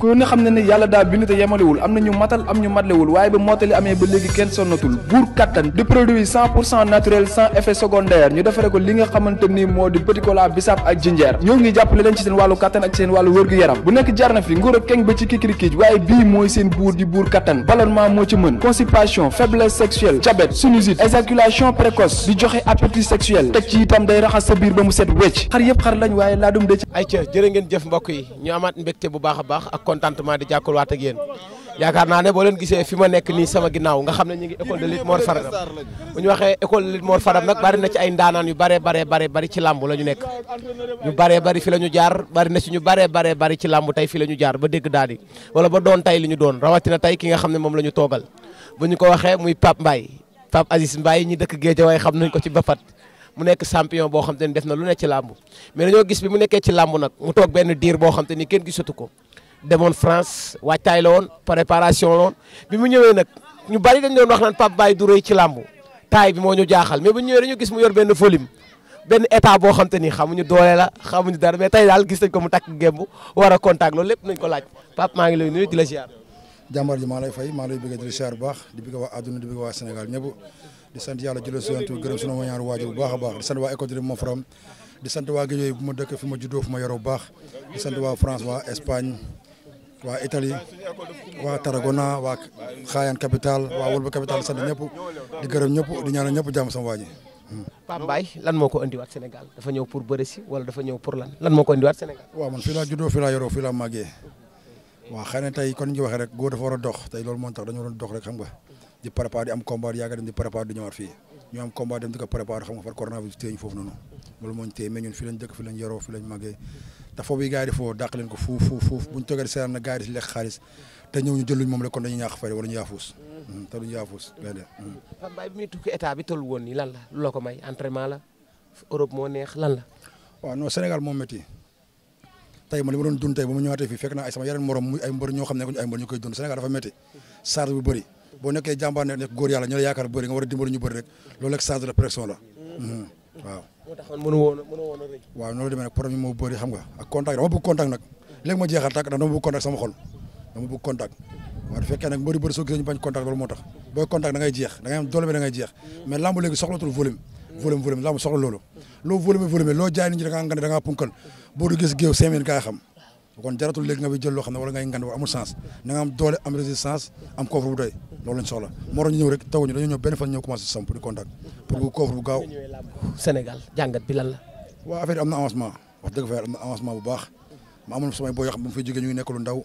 ku ne xam ne ne yàlla daa bind te yemalewul am na ñu matal am ñu matlewul waaye ba mottali amee ba léegi kenn sonnatul buur kattan di produit cent pour cent naturel sans effet secondaire ñu defare ko li nga xamante ni moo di petit cola bisaab ak jinjeer ñoo ngi jàppale leen ci seen wàllu kattan ak seen wàllu wërgu yaram bu nekk jarna fi nguur ak keng ba ci kikirikiij waaye bii mooy seen buur di buur kattan ballonnement moo ci mën constipation faiblesse précoce di joxe appétit sexuel teg ci day raxas sa biir ba mu set wecc xar de ci a baax contentement di jàkkul waat ak yéen yaakaar naa ne boo leen gisee fi ma nekk nii sama ginnaaw nga xam ne ñu ngi école de lutte Mor Fadam bu ñu waxee école de lutte la ñu nekk ñu baree bari fi la ñu jaar bari na si ñu baree baree bari ci làmb tey fi la ñu jaar ba dégg daal di wala ba doon tey li ñu doon rawatina tey ki nga xam ne moom la ñu toogal bu ñu ko waxee muy Pape Mbaye Pape Aziz Mbaye ñu dëkk Guédiawaye xam nañ ko ci Bapat mu nekk champion boo xam te def na lu ne ci làmb mais dañoo gis bi mu nekkee ci làmb nag mu toog benn diir boo xam te ni kenn gisatu ko demoon France waajtaay la woon préparation la woon bi mu ñëwee nag ñu bari dañ doon wax naan Pape baay du rëy ci làmb taay bi moo ñu jaaxal mais bu ñu ñëwee dañu gis mu yor benn volume benn état boo xam te ni xamuñu doole la xamuñu dara mais tey daal gis nañ ko mu takk gemb war a contact loolu lépp nañ ko laaj Pape maa ngi lay nuyu di la ziar. jàmbaar ji maa lay fay maa lay bëgg di la ziar bu baax di bëgg waa àdduna di bëgg waa Sénégal ñëpp di sant yàlla jëlee bu ma dëkk fi ma juddoo fu ma bu baax di sant waa waa Italie waa Tarragona waa Xaayaan capital waa Wolba capital sant ñëpp di gërëm ñëpp di ñaanal ñëpp jàmm sama waa ji. Pape Mbaye lan moo ko andiwaat Sénégal dafa ñëw pour bëre si wala dafa ñëw pour lan lan moo ko andiwaat Sénégal. waaw man fii laa juddoo fii laa yoroo fii laa màggee waaw xëy tey kon ñu rek góor dafa war a dox tey loolu moo tax dañu war a dox rek xam nga di préparé di am combat yaaga dem di préparé di ñëwaat fii ñu am combat lañ dëkk fii ta foofu yi gars yi di foofu ko fuuf fuuf fuuf buñ toogee di seetaan na gars yi di si lekk xaalis te ñëw wala ñu yaafuus hmm, te duñu yaafuus gaynde hmm. Pape Mbaye bi muy woon nii lan la lu la ko may entraînement la moo neex lan la waaw non Sénégal moom métti tey ma li ma doon dund tey ba mu ñëwaatee fii fekk naa ay sama bu bëri boo nekkee jàmbaar ne nekk góor yàlla ñu la yaakaar bëri loolu rek charge de pression la hmm. waaw moo tax man a problème moo bëri xam nga ak contact dama bëgg contact nag léegi ma jeexal tàkk ndax dama bëgg contact sama xol dama bëgg contact waaw fekkee nag mbëri bëri soo gisee ñu bañ contact loolu moo tax booy contact da ngay jeex da ngay am doole mais lamb léegi soxlatul volume volume volume lamb soxla loolu loo volume volume loo jaay nit ñi da ngaa nga ne da ngaa punkal boo du kon jaratul léegi nga fi jël loo xam ne wala ngay ngan wala amul sens na nga am doole am am coffre bu doy loolu lañ soxla moo tax ñu ñëw rek tawuñu dañoo ñëw benn fan ñëw commencé samp bi lan la waaw affaire yi wax dëgg fa yàlla am na avancement bu baax ma amoon nekk lu ndaw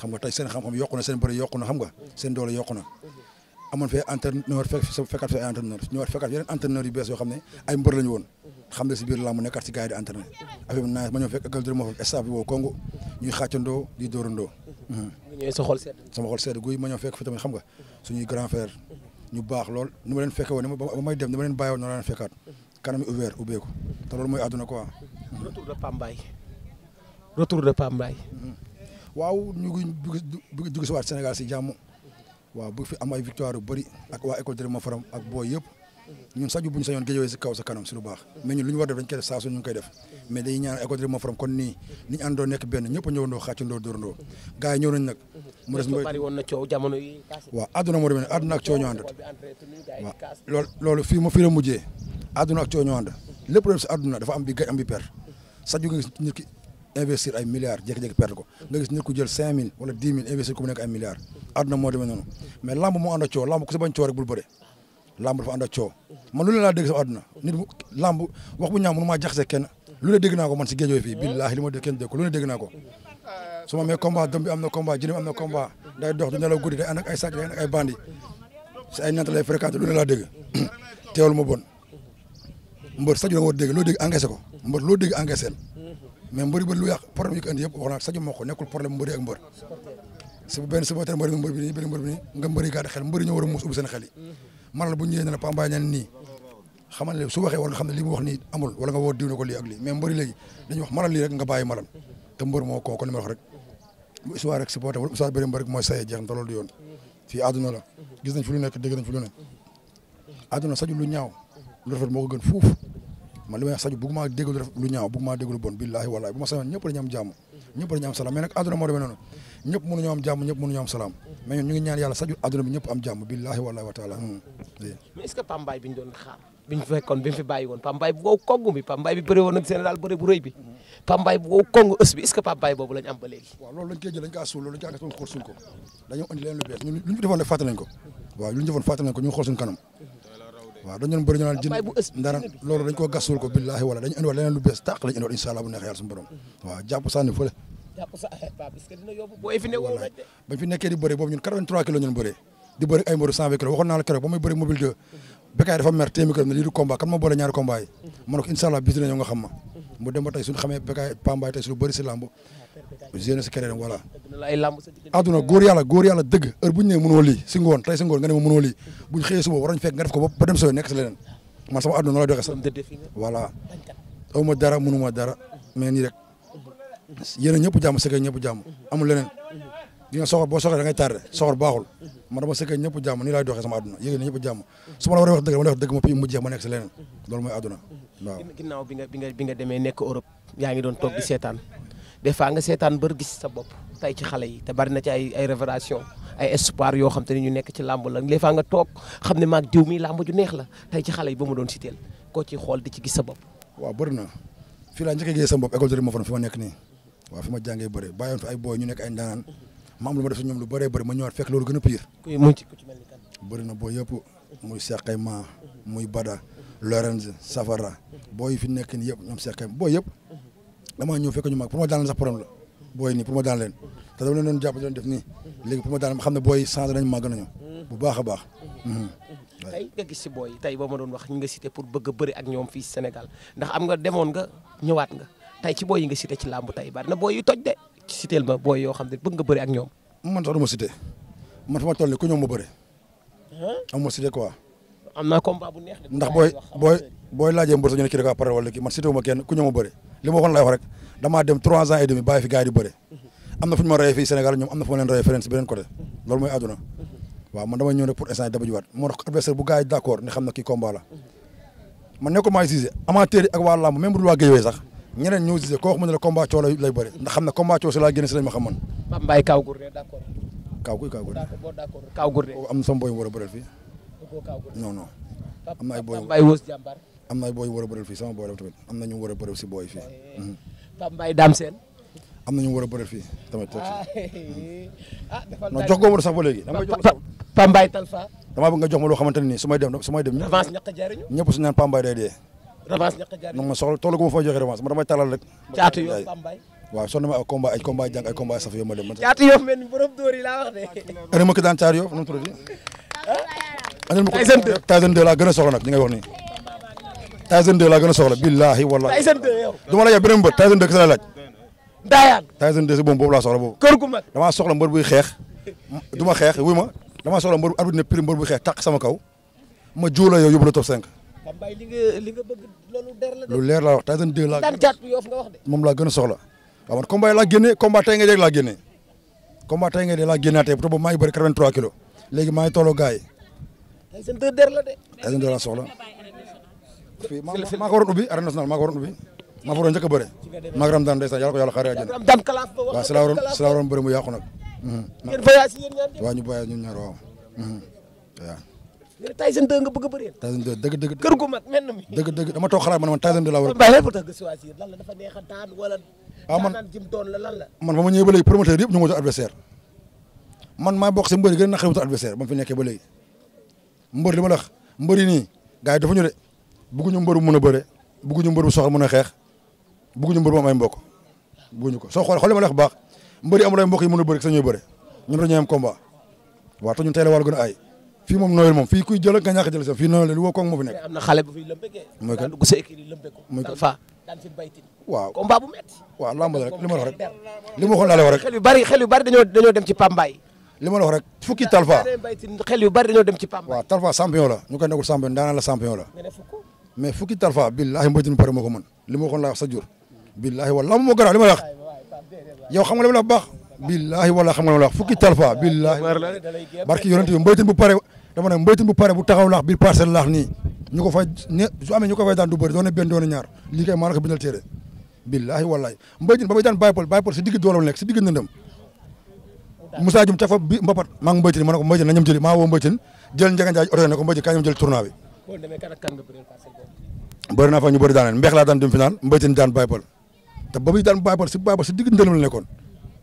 xam nga tey seen xam na seen bëri na xam nga seen doole na amoon fee entraîneur fekk fekkaat fi ay entraîneur ñëwaat fekkaat bees yoo xam ne ay mbër lañu woon xam ne si biir làmb nekkaat si gars yi di entraîné affaire bi naa ma ñëw fekk école de moo fekk staff bi woo ñuy xàccandoo di dóorandoo. ñooy sa xol sedd. sama xol sedd fi tamit xam nga suñuy grand frère ñu baax lool ni ma leen fekke woon ba may dem ni ma leen bàyyi woon noonu la leen fekkaat kanam ouvert ubbeeku te loolu mooy àdduna quoi. retour de Pambaay de Pambaay. Mm-hmm. waaw ñu ngi bëgg jóge si waat Sénégal si jàmm waaw bu fi am ay victoire yu bëri ak waa école de moo faram ak booy yëpp. ñun saju bu ñu sañoon Guédiawaye si kaw baax mais ñun lu war def dañ koy def saa su ñu def mais dañuy ñaan école moo forom kon nii ni ñu nekk benn ñëpp a ñëwandoo xàccandoo dóorandoo gars yi ñëw nañ nag mu des mu nekk coow lamb ku si bañ coow rek bul bëre lamb dafa ànd ak coow man lu ne laa dégg sama àdduna nit bu lamb wax bu ñaaw mënu maa jaxase kenn lu ne dégg naa ko man si géejoo fii billaahi li ma dégg kenn dégg ko lu ne dégg naa ko su ma amee combat dom bi am na combat jëne bi am na combat day dox du nelaw guddi day ànd ak ay sàcc day ànd ak ay bandi si ay nanta lay fréquenté lu ne laa teewul ma bon mbër Sadio la war dégg loo dégg engagé ko mbër loo dégg engagé mais mbër yi ba lu yàq problème yi ko indi wax naa Sadio moo ko nekkul problème mbër yi ak mbër si benn supporter mbër bi a muus ubbi seen xel man la bu ñëwee ne la Pambaay nii xamal ne su waxee war nga xam li mu wax nii amul wala nga woo diw na ko lii ak lii mais mbëri léegi dañuy wax malal lii rek nga bàyyi malal te mbër moo ko li ma wax rek bu histoire rek supporté wala histoire bëri mbër rek mooy saye jeex na te loolu du la gis nañ fi lu nekk dégg nañ fi lu ne lu ñaaw lu rafet moo ko gën fuuf man li may wax saju lu ñaaw bëgguma dégg lu bon billaahi wallaahi bu ma sañoon ñëpp dañu am jàmm ñëpp ñëpp mënuñoo am jàmm ñëpp mënuñoo am salaam mais ñun ñu ngi ñaan yàlla saju adduna bi ñëpp am jàmm billaahi wallaahi wa taala hmm. mais est-ce que Pambaay bi ñu doon xaar bi ñu fekkoon bi ñu fi bàyyi woon Pambaay bu wow kong bi Pambaay bi bëri woon ak seen daal bëri bu rëy bi Pambaay bu wow kong ës bi est-ce que Pambaay boobu lañ am ba léegi waaw loolu lañ koy jël lañ kaa suul loolu lañ kaa nga xool suñ ko dañoo andi leen lu bees ñun lu ñu defoon rek fàtte nañ ko waaw lu ñu defoon fàtte nañ ko ñu xool suñ kanam waaw dañ doon bëri ñu naan jën ndara loolu dañ ko gasul ko billaahi wala dañ indi waat leneen lu bees tàq lañ indi waat incha allah bu neex yàlla suñu borom waaw jàpp sànni fële jàpp sa affaire Pape est-ce que dina yóbbu di bëre boobu ñun 83 kilos ñun bëree di bëri ay mbëru 120 kilos waxoon naa la keroog ba may bëri mobile 2 mhm. Bécaye dafa mer téemi kilos ne mhm. dem ba tey suñu xamee Bécaye Pambaay tey su lu bëri si lamb génn ah, si keneen voilà adduna góor yàlla dëgg heure bu ñu nee si ngoon tey si ngoon nga ne ma mënoo lii mhm. buñ xëyee suba fekk nga def ko ba dem sooy nekk leneen ah. man sama adduna noonu lay doxee sax voilà yéen a ñëpp jàmm sëkkee ñëpp jàmm amul leneen di soxor boo soxor da ngay tardé soxor baaxul man dama sëkkee ñëpp jàmm nii laay doxee sama àdduna yéen a ñëpp jàmm su ma la war a wax dëgg la wax dëgg ma fi mu jeex àdduna waaw ginnaaw bi nga bi nga demee nekk Europe yaa ngi doon toog di seetaan des fois nga seetaan bër gis sa bopp tey ci xale yi te bari na ci ay ay révélation ay yoo xam te ne ñu nekk ci làmb la des fois nga toog xam ne maag diw mi làmb ju neex la tey ci xale yi ba mu doon si teel koo ci xool di ci gis sa bopp waaw bëri na fii laa njëkkee gisee sama bopp école de ma fi ma nekk nii waaw fi ma jàngee bëre bàyyoon fi ay booy ñu nekk ay ndaanaan ma am lu ma def ñoom lu bëree bëri ma ñëwaat fekk loolu gën a pire bëri na boo yëpp muy seqay ma muy bada Lorenz safara booy fi nekk yëpp ñoom seqay booy yëpp damaa ñëw fekk ñu mag ma daan leen sax problème la booy nii pour ma daan leen te dama leen doon jàpp doon def nii booy changé nañ màgg nañu bu baax a baax mhm. tey nga gis si booy tey ba ma doon wax ñi nga cité pour bëgg a bëri ak ñoom fii Sénégal ndax am nga demoon nga ñëwaat nga tey ci booy yi nga cité ci làmb tey bari na booy yu toj de ci citeel ma yoo xam ne bëgg ma cité man fu ma toll ku ñoom ma bëri. am man cité wu kenn ku ñoom ma bëri li ma waxoon lay wax rek mhm. na fu ma leen rayee feneen si beneen loolu mooy àdduna mhm. waaw man dama ñëw ne pour instant yi dama jiwaat moo tax mhm. maa ngi amateur yi ak waa làmb même bu dul waa Guèye sax ñeneen ñëw Zize ko wax mu ne la combat coow lay bëri ndax xam ne combat coow si laa génn si lañ ma xam man. Pape Mbaye Kaw Gourdin d'accord. Kaw kuy Kaw Gourdin d'accord d'accord Kaw Gourdin. am na sama booy yu war a bëreel fii. non non. am na ay booy am na ay booy yu war a bëreel fii sama booy la tamit am na ñu war a bëreel si booy fii. Eh, mhm. Pape Mbaye Dame Sène. am na ñu war a bëreel fii tamit. ah, eh, eh, ah defal non jox ko woon sax ba léegi. Pape Mbaye Talfa. damaa bëgg nga jox ma loo xamante ne nii su may dem su may dem. avance ñàkk a jariñu ñëpp su ñu naan Pape Mbaye day dee revanche nag ma soxla toolu gu ma foo joxe revanche ma damay talal rek. caatu yoo Bambay. waaw sonn ma ay combat ay combat jàng ay combat saf yoo ma dem. caatu yoo mel ni borom dóor yi laa wax de. ana ma ko gën a soxla nag ñi ngay wax nii. Tyson 2 gën a soxla billahi wallahi. Tyson ma la yab beneen mbër Tyson 2 kese laa laaj. Ndayaan. Tyson 2 si boobu boobu laa soxla boobu. kër gu soxla mbër buy xeex. du ma xeex wuy ma damaa soxla mbër arbitre ne prime mbër buy sama kaw ma juula yow yóbbu la top 5. lu leer laa wax Tyson 2 laa moom laa gën a soxla waaw man combat yi laa génnee combat tey nga dee laa génnee combat tey nga dee laa génnaatee te boobu maa ngi bëri 83 kilos léegi maa ngi tolloo gars yi Tyson 2 der la de Tyson 2 laa soxla fii maa maa ko waroon ubbi arène nationale maa ko waroon ubbi maa fa waroon njëkk a bëre maa ngi Ramdaan ndeysaan yàlla ko yàlla xaaree àjjana waaw si laa waroon si laa waroon bëri mu yàqu nag waaw ñu voyage ñun ñaar waaw mm-hmm. waaw nga ne Tyson 2 nga bëgg a bëree. Tyson 2 dëgg dëgg. kër gu mag mel na dama toog xalaat man man Tyson 2 laa war a. la pour a daan wala. waaw ah, man man ma ñëwee ba léegi promoteur yëpp ñu ngi wutal adversaire man maa bokk si gën a naqari wutal adversaire ba mu fi nekkee ba léegi mbër li ma la wax yi nii gars yi ñu de bëgguñu ñu bu mën a bëre bëgguñu mbër bu soxla mën a xeex bëgguñu mbër bu am ay mbokk bëgguñu ko soo xoolee xoolee ma la wax baax mbër yi amul ay mbokk yi mën a bëre sax ñuy bëre ñu dañuy am combat waaw te ñun tey la war a ay fii moom nooyul moom fii kuy jël ak nga jël sax fii nooyul woo koog moo fi nekk. waaw waaw lamb la li ma la wax rek. li ma waxoon laa la wax rek. xel yu bari xel yu bari dañoo dañoo dem ci pambaay. li ma la wax rek fukki talfa. xel yu bari dañoo dem ci pambaay. waaw talfa champion la ñu koy nekkul champion daanaka la champion la. pare moo ko li ma waxoon laa wax billahi wala moo gën a li ma la fukki talfa billahi barki yonent bi mbaytin bu pare dama ne mbaytin bu pare bu taxaw laax biir parcelle laax nii ñu ko fay ne su amee ñu ko fay daan du bëri doone benn doone ñaar lii kay maa la ko bindal téere billaahi wallaahi mbaytin ba bay daan bàyyi pol bàyyi pol na ñëm jëli maa woo mbaytin jël njaga njaay oto ne ko mbaytin kaa ñëm jël bi bëri naa fa ñu bëri daaneen mbeex laa daan dem final mbaytin daan bàyyi pol te ba daan bàyyi pol si bàyyi pol si digg ndëlam la nekkoon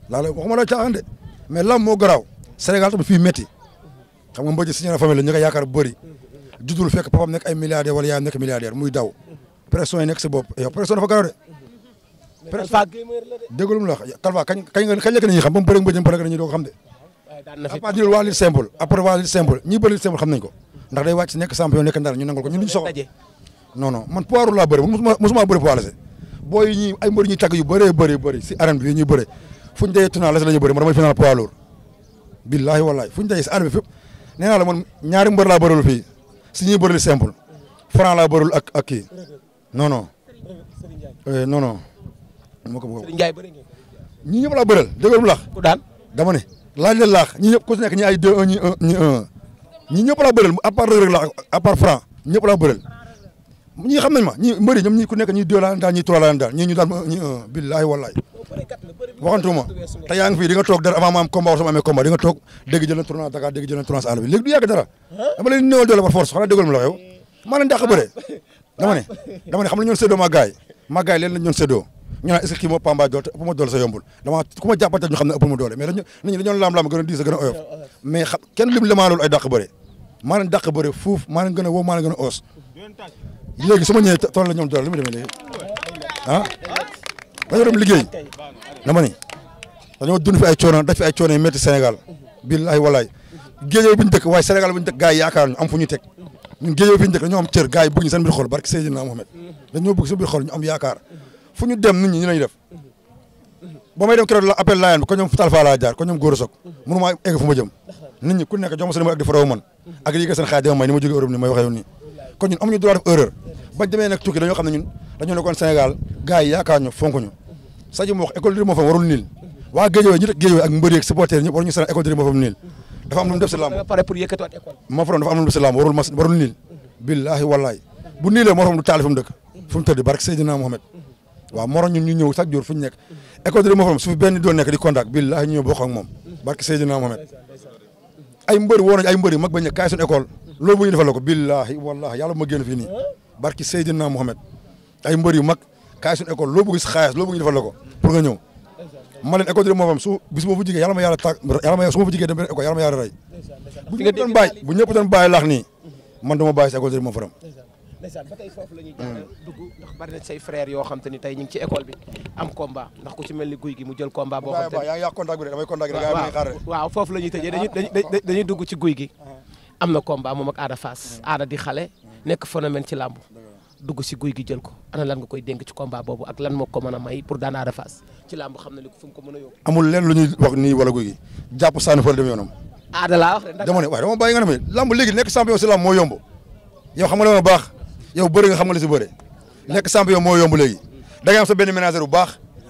laa la waxuma la caaxaan de mais lam moo garaaw Sénégal tamit fii metti xam nga Mbodj signé na famille la ñu ko yaakaar bëri judul fekk papam nekk ay milliardaire wala yaayam nekk milliardaire muy daw pression yi nekk sa bopp yow pression dafa garaw de déglu mu la wax Kalfa kañ kañ kañ lekk nañu xam ba mu bëri Mbodj bëri nañu doo ko xam de à part ñu waa lit simple après waa lit simple ñi bëri lit simple xam nañ ko ndax day wàcc nekk champion nekk ndar ñu nangul ko ñun duñu soxla non non man poids laa bëri mosuma bëri poids lase booy ñi ay mbër ñuy tàgg yu bëree bëri bëri si arène bi ñuy bëri fu ñu dee tunaa lase la ñu bëri ma damay final poids lourd billaahi wallaahi fu ñu dee si arène bi fépp nee naa la man ñaari mbër laa bërul fii si ñuy bëril simple franc laa bërul ak ak kii non non. Eh, non non. ma ko la ñi ñëpp laa bëral déglu mu laax. ku daan dama ne. laaj leen laax ñi ñëpp ku nekk ñi ay deux un ñi un ñi un ñi ñëpp laa bëral à part rëg laax à part franc ñëpp laa bëral ñi xam nañ ma ku nekk ñi deux laa daan ñi trois laa daan ñi ñu daan ñi waxantuma te yaa ngi fii di nga toog dara avant ma am combat amee combat di toog dégg jël na tournoi Dakar dégg jël na tournoi àll léegi du yàgg dara dama leen néewal doole par force xanaa déggool ma la ma doole sa yombul dama ku ma jàppante ñu xam ne ëpp ma doole mais dañu nit ñi dañoo laam-laam gën a a gën a oyof mais xam lim lemaa loolu ay dàq bëre maa leen dàq bëre fuuf maa leen gën a a oos léegi su ma ñëwee tool la ñoom doole li dañoo dem liggéey dama ni dañoo dund fi ay coono daf fi ay coono yu métti Sénégal billaay walaay géejoo bi ñu dëkk waaye Sénégal bi ñu dëkk gars yaakaar ñu am fu ñu teg ñun géejoo bi ñu dëkk dañoo am cër gars yi ñu seen biir xol barke Seydina Mohamed dañoo bëgg seen biir xol ñu am yaakaar fu ñu dem nit ñi ñu lañu def ba may dem keroog la appel laayaan bi ko ñoom Talfa laa jaar ko ñoom Gora Sock mënu maa egg fu ma jëm nit ñi nekk jox ma sa ak di faraw man ak yi nga seen kon ñun amuñu droit def erreur bañ demee nag tukki dañoo xam ne ñun dañoo nekkoon Sénégal gars yi yaakaar ñu fonk ñu Sadio moo wax école de moo fa warul niil waa Guédiawaye ñu def Guédiawaye ak mbëri ak supporters ñëpp waruñu école de moo fa niil dafa am lu mu def si làmb moo fa doon dafa mu niil billaahi wallaahi bu niilee moo xam du taali fu mu dëkk fu mu tëdd barke Seydina Mohamed waaw moroom ñun ñu ñëw chaque fu ñu nekk école de moo fa su fi benn doon nekk di contact billaahi ñu ñëw bokk ak moom barke Seydina Mohamed ay mbër woon nañ ay mbër mag bañ ne kaay loolu muy defal la ko billaahi wallaahi yàlla ma génn fii nii barki Seydina Mohamed ay mbër yu mag kaay suñu école loo bëgg xaalis loo bëgg ñu defal la ko pour nga ñëw ma leen école moo fam su bis moo fu ma yàlla tàgg yàlla ma su ma fu jigee dem benn école yàlla ma yàlla rey bu ñëpp doon bàyyi laax nii man dama bàyyi si école di moo faram ndeysaan dugg ndax bari na say yoo xam te ni tey ñu ngi ci école bi am combat ku ci mel ni guy gi mu jël combat boo xam te ni yaa ngi yàq contact bi de damay contact bi de waaw foofu la ñuy tëjee dañuy dugg ci guy gi am na combat moom ak Ada Fass Ada di xale nekk phénomène ci làmb dugg si guy gi jël ko ana lan nga koy dénk ci combat boobu ak lan moo ko a may pour daan Ada Fass ci làmb xam na li ko fu mu ko mën a yóbbu. amul lenn lu ñuy wax nii wala guy gi jàpp sànni fa dem dama ne waaye dama baax yow bëri nga xam nga li si bëre nekk champion moo yomb léegi da ngay am benn ménager bu baax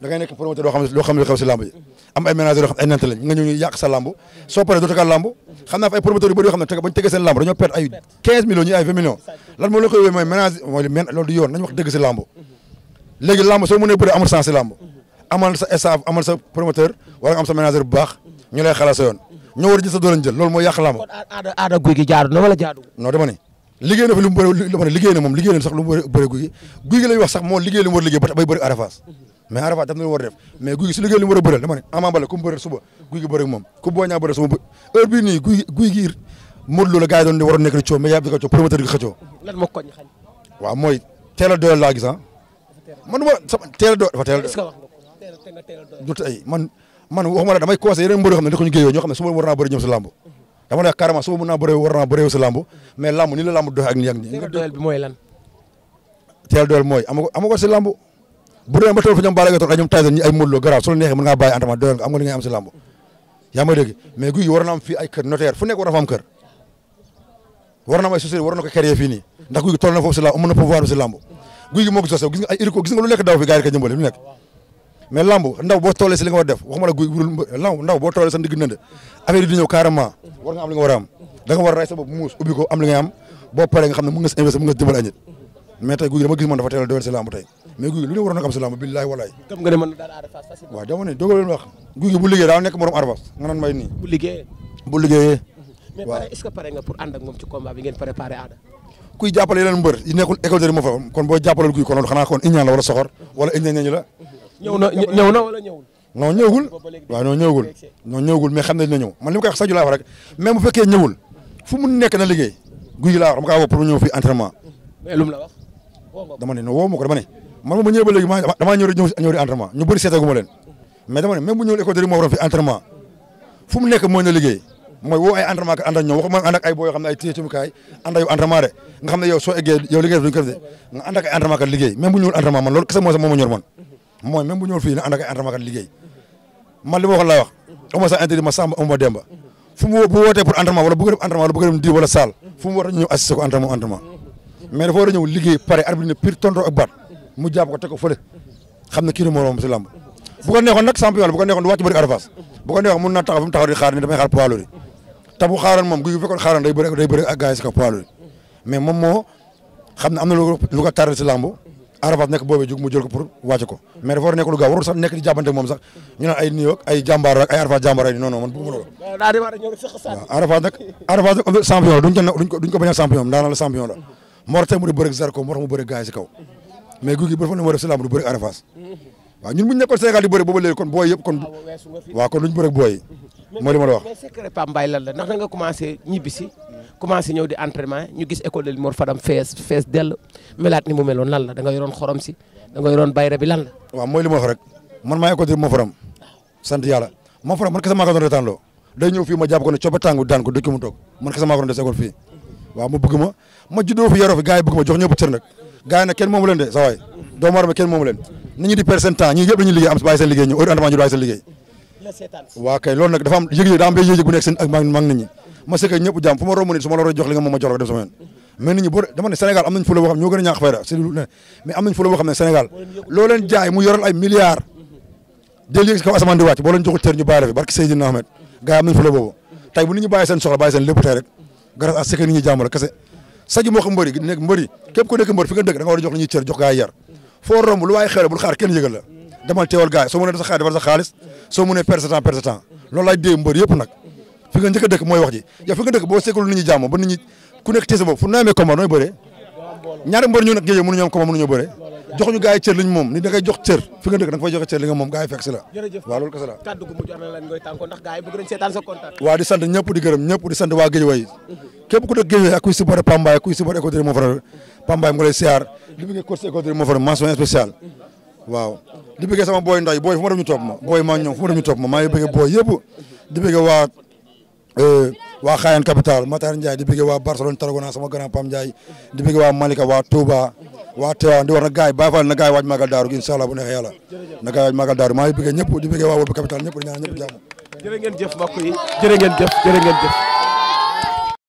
danga nekk promoteur doo xam ne loo xam la jaadu na wala liggéey na fi lu mu bëri liggéey na moom liggéey na sax lu mu bëri guy gi lañu wax sax moo liggéey lu mu liggéey ba bay bëri arafas mais Arafat daf na war def mais guy gi su liggéey li mu war a bëreel dama ne Ama Baldé ku mu bëreel suba guy gi guy guy gi Lo la gars doon di waroon nekk di coow mais yaa bi ko coow promoteur gi moo a wa ah. sama teel a doyal dafa man man waxuma la damay conseil si lamb dama ne carrément suba mën naa bëri war naa bëri si lamb mais lamb nii la lamb doxee ak lan teel a doyal ama ko si bu demee ba toll fa ñoom Balla Gaye toll ak ñoom Tyson ñi ay Modou Lo garaaw su la neexee mën ngaa bàyyi entraînement doyoon nga am nga li ngay am si làmb yaa ma dégg mais guy war na am fii ay kër notaire fu nekk war na fa am kër war na am ay société war na ko créer fii nii ndax guy gi toll na foofu si làmb mën na pouvoir bi si làmb guy gi moo ko sosee gis nga ay iriko gis nga lu lekk daw fi gars yi ko jëmbale lu nekk mais lamb ndaw boo tollee si li nga war def waxuma la guy lamb ndaw boo tollee sa ndigg nënd affaire yi di ñëw carrément war nga am li nga war a am da nga war a rey sa bopp muus ubbi ko am li ngay am boo paree nga xam ne mën nga si investir mën nga si dimbal ay nit mais tey guy gi dama gis man dafa teel a doyoon si lamb tey mais guy a am si làmb billahi walaay. gëm nga ne mën na daan aar face waaw dama ne dëgg leen wax. guy gi bu liggéey daa nekk morom aar face nga naan may nii. bu liggéeyee. Mhm. kuy jàppale yeneen mbër yi nekkul école de fa kon boo jàppaleel guy konoon xanaa kon iñaan la wala soxor wala iñaan ñañu la. Mhm. ñëw na ñëw na wala ñëwul. non ñëwul waaw non ñëwul. non ñëwul mais xam na dina ñëw man li ma koy wax saju laa wax rek mais bu fekkee ñëwul fu mu nekk na liggéey guy laa wax dama mu ñëw fii entraînement. Mhm. mu la wax. dama ne non woo ma ko ma ñëwee ba léegi maa damaa ñëw rek ñëw di entraînement ñu bëri seetaguma leen mais dama ne même bu ñëwul école de nekk mooy na liggéey mooy woo ay entraînement ka loolu kese moo sax ma ñor man mooy même bu ñëwul fii na ànd ak ay entraînement kat liggéey man li ma waxoon wax ama ma sàmm ama demba fu mu bu wootee pour entraînement wala bëgg a a a ñëw a liggéey pare arbitre ne pire tonto ak mu jàpp ko teg fële xam ne kii na moom si lamb bu neexoon nag champion la bu neexoon du wàcc bëri arafas bu neexoon mën naa taxaw fi mu taxaw di xaar ni damay xaar poids lourd te bu xaaroon moom guy bu fekkoon xaaroon day bëri day si kaw poids lourd mais ne am na lu nekk boobee a nekk lu gaaw warul sax nekk di jàppante moom la duñ la moo mu di bëri zarko si kaw mais guy gi bu defoon lu mu war a salaam du bëri Ada kon booy yëpp kon ah, waaw kon lu ñu bëri booy moo di ma la wax mais secret Pape la ndax da nga commencé ñibbi di entraînement ñu gis école de rek man maa école de Mor Fadam sant yàlla Mor Fadam man kese maa ko loo day ñëw fii ma jàpp ko ne coppe tàngu daan ko dëkk toog man kese maa ko doon fii waaw ma bëgg ma juddoo fi yaroo fi gars yi bëgg ma jox ñëpp cër gars yi nag kenn leen de sa waay doomu aadama kenn leen nit di perdre seen temps ñii yëpp dañuy liggéey am bàyyi seen liggéey ñu kay loolu nag dafa am yëg bu nekk seen ak mag ma sëkk ñëpp jàmm fu ma romb nit su ma la a jox li nga ma jox la dem sama am nañ fula boo xam ne mais am jaay mu yoral la fi barki Seydina Ahmed gars yi am la Sadio moo xam mbëri képp ku nekk mbër fi nga dëkk da nga war a jox la ñuy cër jox gaa yi yar foo romb lu waaye xew bul xaar kenn yëgal la demal teewal gaa yi soo mënee sa xaalis defal sa xaalis soo mënee perte temps perte temps loolu laay dee mbër yëpp nag fi nga njëkk a dëkk mooy wax ji yow fi nga dëkk boo sekkul nit ñi jàmm ba nit ñi ku nekk tee sa bopp fu naamee jox ñu gars yi cër liñ moom ni da ngay jox cër fi nga dëkk da nga fay joxe cër fekk si la di sant ñëpp di gërëm ñëpp di sant waa Guédiawaye képp ku dëkk Guédiawaye ak kuy supporté Pambaay ak kuy supporté Écuderie moo faral Pambaay mu ngi lay siyaar li bi nga coach Écuderie moo faral mention waaw di bëggee sama booy nday booy fu ma dem ñu topp ma booy maa ñoom fu ma dem ñu topp ma maa ngi bëggee booy yëpp di bëggee waa euh, waa Xaayaan capital Matar Ndiaye di waa Barcelone Tarragona sama grand waa teewaan di wax na gaay Baay Faal na gaay waaj màggal daaru gi bu neexee yàlla na gaay waaj màggal daaru maa ngi bëggee ñëpp di bëggee waa bi capital ñëpp di ñaan ñëpp jàmm jërë ngeen jëf mbokk yi jërë